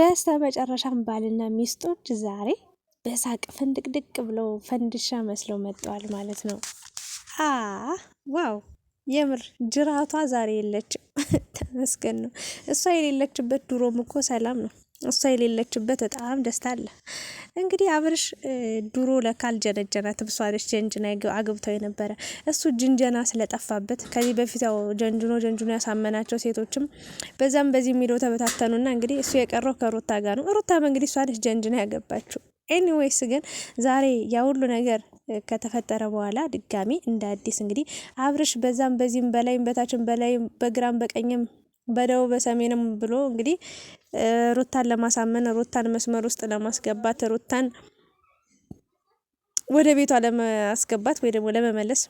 በስተ መጨረሻም ባልና ሚስቶች ዛሬ በሳቅ ፍንድቅድቅ ብለው ፈንድሻ መስለው መጥተዋል ማለት ነው። አ ዋው የምር ጅራቷ ዛሬ የለችም። ተመስገን ነው። እሷ የሌለችበት ድሮም እኮ ሰላም ነው። እሷ የሌለችበት በጣም ደስታ አለ። እንግዲህ አብርሽ ድሮ ለካል ጀነጀና ትብሷለች ጀንጅና አግብተው የነበረ እሱ ጅንጀና ስለጠፋበት ከዚህ በፊት ያው ጀንጅኖ ጀንጅኖ ያሳመናቸው ሴቶችም በዛም በዚህ የሚለው ተበታተኑና እንግዲህ እሱ የቀረው ከሩታ ጋር ነው። ሩታም እንግዲህ እሷለች ጀንጅና ያገባችው። ኤኒዌይስ ግን ዛሬ ያ ሁሉ ነገር ከተፈጠረ በኋላ ድጋሚ እንደ አዲስ እንግዲህ አብርሽ በዛም በዚህም በላይም በታችም በላይም በግራም በቀኝም በደቡብ በሰሜንም ብሎ እንግዲህ ሩታን ለማሳመን ሩታን መስመር ውስጥ ለማስገባት ሩታን ወደ ቤቷ ለማስገባት ወይ ደግሞ ለመመለስ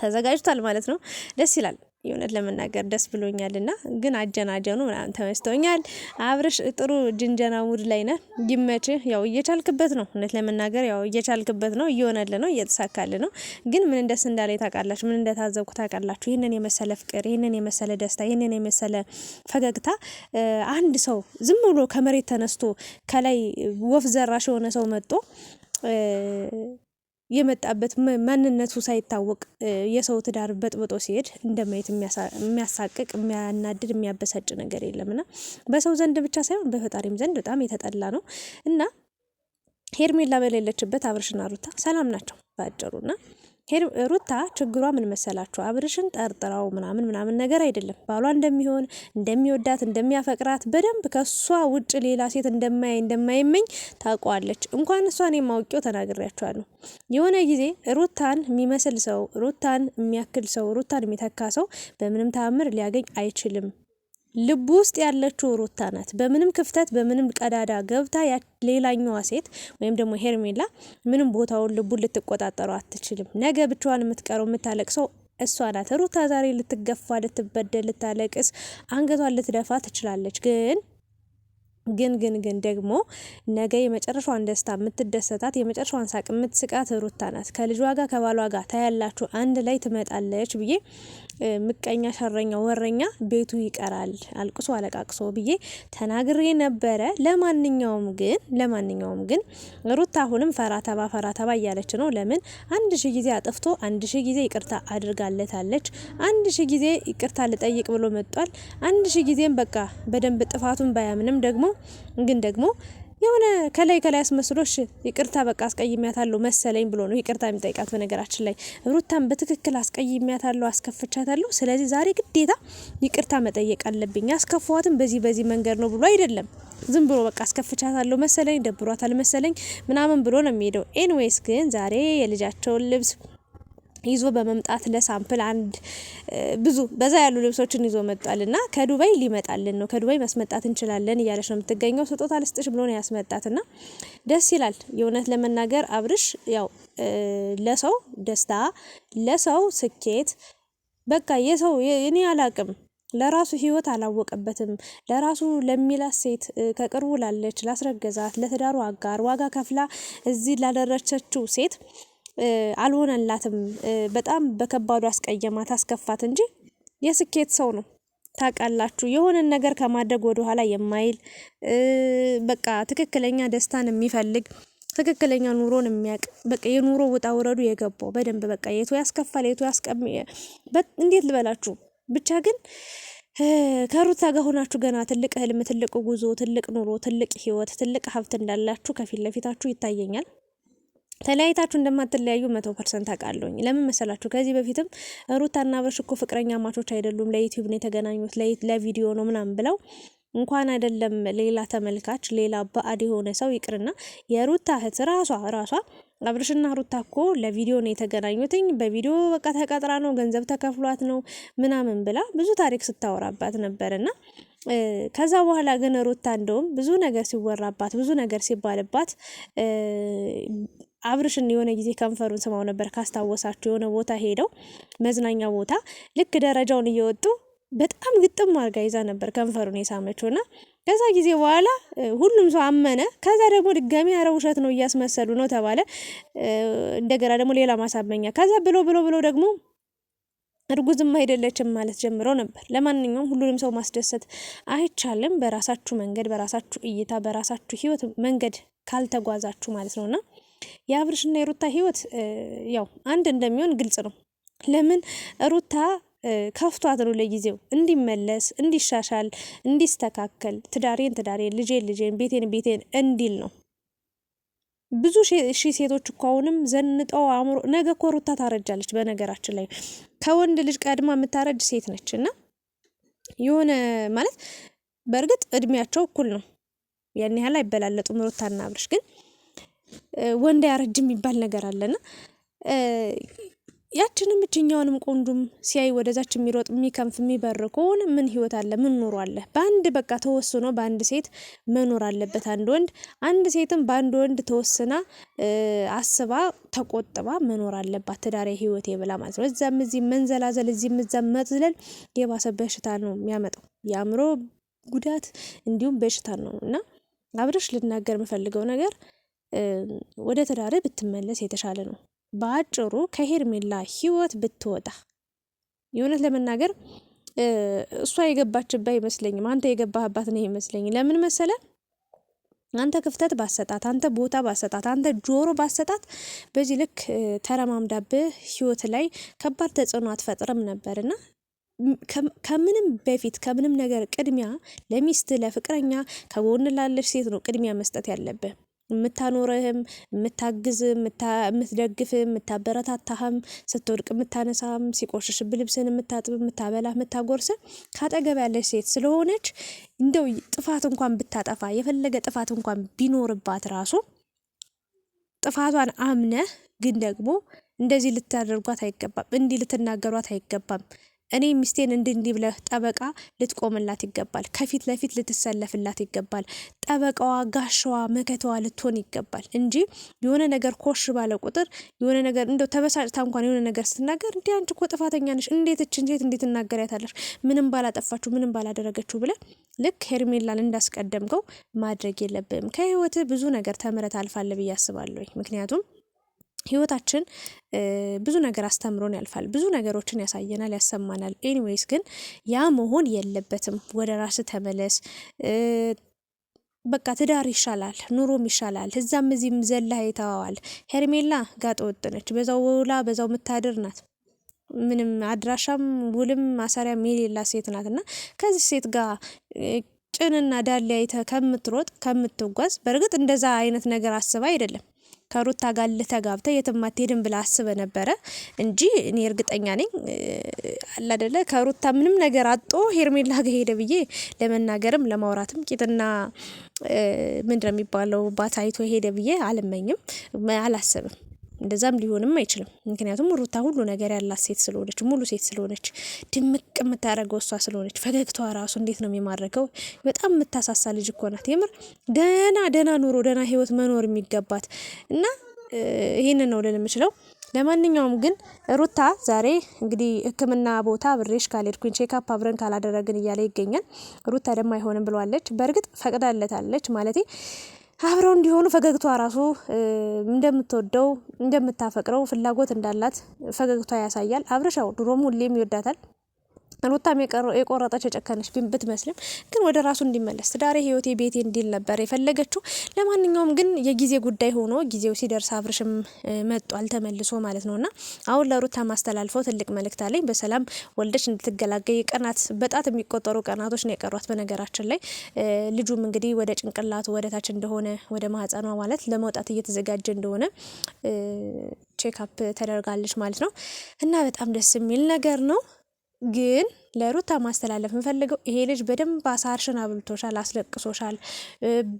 ተዘጋጅቷል ማለት ነው። ደስ ይላል። የእውነት ለመናገር ደስ ብሎኛል ና ግን አጀናጀኑ ምናምን ተመስቶኛል። አብርሽ ጥሩ ጅንጀና ሙድ ላይ ነ ይመች። ያው እየቻልክበት ነው፣ እውነት ለመናገር ያው እየቻልክበት ነው፣ እየሆነል ነው፣ እየተሳካል ነው። ግን ምን ደስ እንዳለ ታውቃላችሁ፣ ምን እንደታዘብኩ ታውቃላችሁ። ይህንን የመሰለ ፍቅር፣ ይህንን የመሰለ ደስታ፣ ይህንን የመሰለ ፈገግታ አንድ ሰው ዝም ብሎ ከመሬት ተነስቶ ከላይ ወፍ ዘራሽ የሆነ ሰው መጦ የመጣበት ማንነቱ ሳይታወቅ የሰው ትዳር በጥብጦ ሲሄድ እንደማየት የሚያሳቅቅ፣ የሚያናድድ፣ የሚያበሳጭ ነገር የለምና በሰው ዘንድ ብቻ ሳይሆን በፈጣሪም ዘንድ በጣም የተጠላ ነው እና ሄርሜላ በሌለችበት አብርሽና ሩታ ሰላም ናቸው በአጭሩና ሩታ ችግሯ ምን መሰላችሁ? አብርሽን ጠርጥራው ምናምን ምናምን ነገር አይደለም። ባሏ እንደሚሆን እንደሚወዳት እንደሚያፈቅራት በደንብ ከሷ ውጭ ሌላ ሴት እንደማይ እንደማይመኝ ታቋለች። እንኳን እሷን የማውቂው ተናግሬያቸዋለሁ። የሆነ ጊዜ ሩታን የሚመስል ሰው፣ ሩታን የሚያክል ሰው፣ ሩታን የሚተካ ሰው በምንም ተአምር ሊያገኝ አይችልም። ልቡ ውስጥ ያለችው ሩታ ናት። በምንም ክፍተት በምንም ቀዳዳ ገብታ ሌላኛዋ ሴት ወይም ደግሞ ሄርሜላ ምንም ቦታውን ልቡን ልትቆጣጠሩ አትችልም። ነገ ብቻዋን የምትቀረው የምታለቅሰው እሷ ናት። ሩታ ዛሬ ልትገፋ፣ ልትበደል፣ ልታለቅስ አንገቷን ልትደፋ ትችላለች ግን ግን ግን ግን ደግሞ ነገ የመጨረሻዋን ደስታ የምትደሰታት የመጨረሻዋን ሳቅ የምትስቃት ሩታ ናት። ከልጇ ጋር ከባሏ ጋር ታያላችሁ፣ አንድ ላይ ትመጣለች ብዬ ምቀኛ፣ ሸረኛ፣ ወረኛ ቤቱ ይቀራል አልቅሶ አለቃቅሶ ብዬ ተናግሬ ነበረ። ለማንኛውም ግን ለማንኛውም ግን ሩታ አሁንም ፈራተባ ፈራተባ እያለች ነው። ለምን አንድ ሺ ጊዜ አጥፍቶ አንድ ሺ ጊዜ ይቅርታ አድርጋለታለች። አንድ ሺ ጊዜ ይቅርታ ልጠይቅ ብሎ መጧል። አንድ ሺ ጊዜም በቃ በደንብ ጥፋቱን ባያምንም ደግሞ ነው። ግን ደግሞ የሆነ ከላይ ከላይ አስመስሎሽ ይቅርታ በቃ አስቀይሜያታለሁ መሰለኝ ብሎ ነው ይቅርታ የሚጠይቃት። በነገራችን ላይ ሩታን በትክክል አስቀይሜያታለሁ፣ አስከፍቻታለሁ፣ ስለዚህ ዛሬ ግዴታ ይቅርታ መጠየቅ አለብኝ፣ አስከፏትም በዚህ በዚህ መንገድ ነው ብሎ አይደለም። ዝም ብሎ በቃ አስከፍቻታለሁ መሰለኝ፣ ደብሯታል መሰለኝ ምናምን ብሎ ነው የሚሄደው። ኤንዌይስ ግን ዛሬ የልጃቸውን ልብስ ይዞ በመምጣት ለሳምፕል አንድ ብዙ በዛ ያሉ ልብሶችን ይዞ መጥቷልና ከዱባይ ሊመጣልን ነው፣ ከዱባይ ማስመጣት እንችላለን እያለች ነው የምትገኘው። ስጦታ ልስጥሽ ብሎ ነው ያስመጣትና ደስ ይላል። የእውነት ለመናገር አብርሽ ያው ለሰው ደስታ፣ ለሰው ስኬት በቃ የሰው እኔ አላቅም ለራሱ ህይወት አላወቀበትም። ለራሱ ለሚላት ሴት ከቅርቡ ላለች ላስረገዛት፣ ለትዳሩ አጋር ዋጋ ከፍላ እዚህ ላደረሰችው ሴት አልሆነላትም። በጣም በከባዱ አስቀየማት፣ አስከፋት እንጂ የስኬት ሰው ነው። ታውቃላችሁ የሆነን ነገር ከማድረግ ወደ ኋላ የማይል በቃ ትክክለኛ ደስታን የሚፈልግ ትክክለኛ ኑሮን የሚያውቅ በቃ የኑሮ ውጣ ውረዱ የገባው በደንብ በቃ የቱ ያስከፋል የቱ ያስቀም እንዴት ልበላችሁ ብቻ ግን ከሩታ ጋር ሆናችሁ ገና ትልቅ ህልም፣ ትልቅ ጉዞ፣ ትልቅ ኑሮ፣ ትልቅ ህይወት፣ ትልቅ ሀብት እንዳላችሁ ከፊት ለፊታችሁ ይታየኛል። ተለያይታችሁ እንደማትለያዩ መቶ ፐርሰንት አውቃለሁኝ። ለምን መሰላችሁ? ከዚህ በፊትም ሩታና አብርሽ እኮ ፍቅረኛ ማቾች አይደሉም፣ ለዩቲዩብ ነው የተገናኙት፣ ለቪዲዮ ነው ምናምን ብለው እንኳን አይደለም ሌላ ተመልካች ሌላ ባዕድ የሆነ ሰው ይቅርና የሩታ እህት ራሷ ራሷ አብርሽና ሩታ እኮ ለቪዲዮ ነው የተገናኙትኝ። በቪዲዮ በቃ ተቀጥራ ነው ገንዘብ ተከፍሏት ነው ምናምን ብላ ብዙ ታሪክ ስታወራባት ነበርና ከዛ በኋላ ግን ሩታ እንደውም ብዙ ነገር ሲወራባት ብዙ ነገር ሲባልባት አብርሽን የሆነ ጊዜ ከንፈሩን ስማው ነበር ካስታወሳችሁ፣ የሆነ ቦታ ሄደው መዝናኛ ቦታ ልክ ደረጃውን እየወጡ በጣም ግጥም አርጋ ይዛ ነበር ከንፈሩን የሳመችው እና ከዛ ጊዜ በኋላ ሁሉም ሰው አመነ። ከዛ ደግሞ ድጋሚ አረ ውሸት ነው እያስመሰሉ ነው ተባለ። እንደገና ደግሞ ሌላ ማሳመኛ ከዛ ብሎ ብሎ ብሎ ደግሞ እርጉዝም አይደለችም ማለት ጀምረው ነበር። ለማንኛውም ሁሉንም ሰው ማስደሰት አይቻልም። በራሳችሁ መንገድ፣ በራሳችሁ እይታ፣ በራሳችሁ ህይወት መንገድ ካልተጓዛችሁ ማለት ነውና የአብርሽና የሩታ ህይወት ያው አንድ እንደሚሆን ግልጽ ነው። ለምን ሩታ ከፍቷት ነው ለጊዜው እንዲመለስ፣ እንዲሻሻል፣ እንዲስተካከል ትዳሬን ትዳሬን፣ ልጄን ልጄን፣ ቤቴን ቤቴን እንዲል ነው። ብዙ ሺ ሴቶች እኮ አሁንም ዘንጠው አእምሮ ነገ እኮ ሩታ ታረጃለች። በነገራችን ላይ ከወንድ ልጅ ቀድማ የምታረጅ ሴት ነች እና የሆነ ማለት በእርግጥ እድሜያቸው እኩል ነው፣ ያን ያህል አይበላለጡም ሩታና አብርሽ ግን ወንድ አያረጅም የሚባል ነገር አለና ያችንም እችኛውንም ቆንጆም ሲያይ ወደዛች የሚሮጥ የሚከንፍ የሚበር ከሆነ ምን ህይወት አለ? ምን ኑሮ አለ? በአንድ በቃ ተወስኖ በአንድ ሴት መኖር አለበት አንድ ወንድ። አንድ ሴትም በአንድ ወንድ ተወስና አስባ ተቆጥባ መኖር አለባት። ትዳሬ ህይወቴ ብላ ማለት ነው። እዛም እዚህ መንዘላዘል፣ እዚህም እዛም መዝለል የባሰ በሽታ ነው የሚያመጣው። የአእምሮ ጉዳት እንዲሁም በሽታ ነው እና አብረሽ ልናገር የምፈልገው ነገር ወደ ትዳር ብትመለስ የተሻለ ነው። በአጭሩ ከሄርሜላ ህይወት ብትወጣ የእውነት ለመናገር እሷ የገባችባ አይመስለኝም። አንተ የገባህባት ነው ይመስለኝ። ለምን መሰለ አንተ ክፍተት ባሰጣት፣ አንተ ቦታ ባሰጣት፣ አንተ ጆሮ ባሰጣት፣ በዚህ ልክ ተረማምዳብህ ህይወት ላይ ከባድ ተጽዕኖ አትፈጥርም ነበርና ከምንም በፊት ከምንም ነገር ቅድሚያ ለሚስት ለፍቅረኛ ከጎን ላለች ሴት ነው ቅድሚያ መስጠት ያለብህ። የምታኖረህም የምታግዝህ የምትደግፍህ የምታበረታታህም ስትወድቅ ምታነሳም ሲቆሽሽብ ልብስን የምታጥብ ምታበላ ምታጎርስ ካጠገብ ያለች ሴት ስለሆነች እንደው ጥፋት እንኳን ብታጠፋ የፈለገ ጥፋት እንኳን ቢኖርባት ራሱ ጥፋቷን አምነህ ግን ደግሞ እንደዚህ ልታደርጓት አይገባም፣ እንዲህ ልትናገሯት አይገባም። እኔ ሚስቴን እንድንዲህ ብለህ ጠበቃ ልትቆምላት ይገባል። ከፊት ለፊት ልትሰለፍላት ይገባል። ጠበቃዋ፣ ጋሻዋ፣ መከተዋ ልትሆን ይገባል እንጂ የሆነ ነገር ኮሽ ባለ ቁጥር የሆነ ነገር እንደ ተበሳጭታ እንኳን የሆነ ነገር ስትናገር እንዲህ አንቺ እኮ ጥፋተኛ ነሽ፣ እንዴት እችን ሴት እንዴት እናገሪያታለሽ? ምንም ባላጠፋችሁ፣ ምንም ባላደረገችሁ ብለ ልክ ሄርሜላን እንዳስቀደምከው ማድረግ የለብም። ከህይወት ብዙ ነገር ተምረት አልፋለ ብዬ አስባለሁ። ምክንያቱም ህይወታችን ብዙ ነገር አስተምሮን ያልፋል። ብዙ ነገሮችን ያሳየናል፣ ያሰማናል። ኤኒዌይስ ግን ያ መሆን የለበትም። ወደ ራስ ተመለስ። በቃ ትዳር ይሻላል፣ ኑሮም ይሻላል። እዛም እዚህም ዘላ ይተዋዋል። ሄርሜላ ጋጠ ወጥነች፣ በዛው ውላ በዛው የምታድር ናት። ምንም አድራሻም ውልም ማሰሪያም የሌላ ሴት ናት እና ከዚህ ሴት ጋር ጭንና ዳሌ ከምትሮጥ ከምትጓዝ፣ በእርግጥ እንደዛ አይነት ነገር አስባ አይደለም ከሩታ ጋር ልተጋብተ የትም አትሄድም ብላ አስበ ነበረ እንጂ እኔ እርግጠኛ ነኝ አላደለ ከሩታ ምንም ነገር አጦ ሄርሜላ ጋር ሄደ ብዬ ለመናገርም ለማውራትም ቂጥና ምንድነው የሚባለው ባታይቶ ሄደ ብዬ አልመኝም፣ አላስብም። እንደዛም ሊሆንም አይችልም። ምክንያቱም ሩታ ሁሉ ነገር ያላት ሴት ስለሆነች፣ ሙሉ ሴት ስለሆነች፣ ድምቅ የምታደርገው እሷ ስለሆነች፣ ፈገግቷ ራሱ እንዴት ነው የሚማረከው! በጣም የምታሳሳ ልጅ እኮ ናት። የምር ደህና ደህና ኑሮ ደህና ህይወት መኖር የሚገባት እና ይህንን ነው ልን የምችለው። ለማንኛውም ግን ሩታ ዛሬ እንግዲህ ሕክምና ቦታ ብሬሽ ካልሄድኩኝ ቼካፕ አብረን ካላደረግን እያለ ይገኛል። ሩታ ደግሞ አይሆንም ብለዋለች። በእርግጥ ፈቅዳለታለች ማለቴ አብረው እንዲሆኑ ፈገግቷ ራሱ እንደምትወደው እንደምታፈቅረው ፍላጎት እንዳላት ፈገግቷ ያሳያል። አብረሻው ድሮም ሁሌም ይወዳታል። ሩታም የቆረጠች የጨከነች ብትመስልም ግን ወደ ራሱ እንዲመለስ ትዳሬ ህይወቴ ቤቴ እንዲል ነበር የፈለገችው። ለማንኛውም ግን የጊዜ ጉዳይ ሆኖ ጊዜው ሲደርስ አብርሽም መጧል ተመልሶ ማለት ነውና አሁን ለሩታ ማስተላልፈው ትልቅ መልእክት አለኝ። በሰላም ወልደች እንድትገላገይ ቀናት፣ በጣት የሚቆጠሩ ቀናቶች ነው የቀሯት። በነገራችን ላይ ልጁም እንግዲህ ወደ ጭንቅላቱ ወደታች እንደሆነ ወደ ማህፀኗ ማለት ለመውጣት እየተዘጋጀ እንደሆነ ቼክ አፕ ተደርጋለች ማለት ነው እና በጣም ደስ የሚል ነገር ነው። gain ለሩታ ማስተላለፍ የምፈልገው ይሄ ልጅ በደንብ አሳርሽን አብልቶሻል፣ አስለቅሶሻል።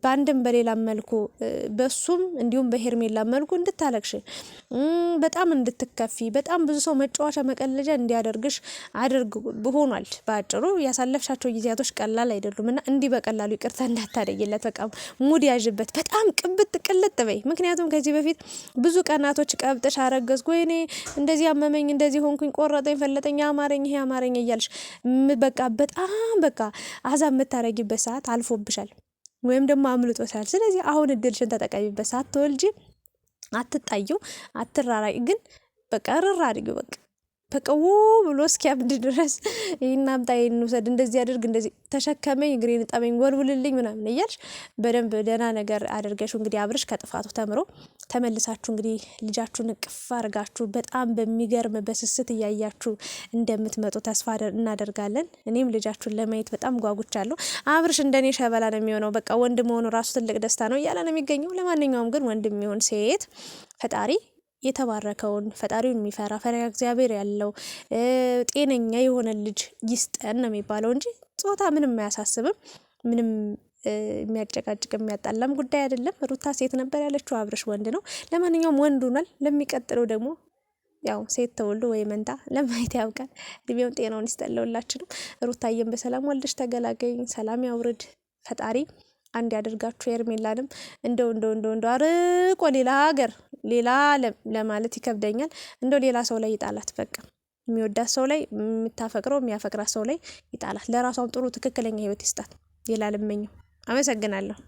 በአንድም በሌላ መልኩ በሱም እንዲሁም በሄርሜላ መልኩ እንድታለቅሽ በጣም እንድትከፊ በጣም ብዙ ሰው መጫወቻ መቀለጃ እንዲያደርግሽ አድርግ ሆኗል። በአጭሩ ያሳለፍሻቸው ጊዜያቶች ቀላል አይደሉም እና እንዲህ በቀላሉ ይቅርታ እንዳታደይለት በቃም ሙድ ያዥበት በጣም ቅብጥ ቅልጥ በይ። ምክንያቱም ከዚህ በፊት ብዙ ቀናቶች ቀብጥሽ አረገዝኩ፣ ወይኔ እንደዚህ አመመኝ፣ እንደዚህ ሆንኩኝ፣ ቆረጠኝ፣ ፈለጠኝ፣ አማረኝ፣ ይሄ አማረኝ እያልሽ በቃ በጣም በቃ አዛብ የምታረጊበት ሰዓት አልፎብሻል ወይም ደግሞ አምልጦሻል። ስለዚህ አሁን እድልሽን ተጠቀሚበት። ሳትወልጂ አትጣዩ፣ አትራራቂ ግን በቃ ርራ አድርጊው በቃ በቀው ብሎ እስኪያብድ ድረስ ይህን አምጣ፣ ይህን ውሰድ፣ እንደዚህ አድርግ፣ እንደዚህ ተሸከመኝ፣ እግሬን ጣመኝ፣ ወልውልልኝ ምናምን እያልሽ በደንብ ደህና ነገር አድርገሽ እንግዲህ አብርሽ ከጥፋቱ ተምሮ ተመልሳችሁ እንግዲህ ልጃችሁን እቅፍ አድርጋችሁ በጣም በሚገርም በስስት እያያችሁ እንደምትመጡ ተስፋ እናደርጋለን። እኔም ልጃችሁን ለማየት በጣም ጓጉቻለሁ። አብርሽ እንደኔ ሸበላ ነው የሚሆነው። በቃ ወንድ መሆኑ ራሱ ትልቅ ደስታ ነው እያለ ነው የሚገኘው። ለማንኛውም ግን ወንድ የሚሆን ሴት ፈጣሪ የተባረከውን ፈጣሪውን የሚፈራ ፈሪሃ እግዚአብሔር ያለው ጤነኛ የሆነ ልጅ ይስጠን ነው የሚባለው እንጂ ጾታ ምንም አያሳስብም። ምንም የሚያጨቃጭቅ የሚያጣላም ጉዳይ አይደለም። ሩታ ሴት ነበር ያለችው፣ አብርሽ ወንድ ነው። ለማንኛውም ወንድ ሆኗል። ለሚቀጥለው ደግሞ ያው ሴት ተወልዶ ወይ መንታ ለማየት ያብቃል። እድሜውን ጤናውን ይስጠለውላችሁ ነው። ሩታዬን በሰላም ወልደሽ ተገላገኝ። ሰላም ያውርድ ፈጣሪ አንድ ያደርጋችሁ። ሄርሜላንም እንደው እንደው እንደው እንደው አርቆ ሌላ ሀገር ሌላ ለማለት ይከብደኛል። እንደው ሌላ ሰው ላይ ይጣላት በቃ የሚወዳት ሰው ላይ የምታፈቅረው የሚያፈቅራት ሰው ላይ ይጣላት። ለራሷም ጥሩ ትክክለኛ ህይወት ይስጣት። ሌላ አመሰግናለሁ።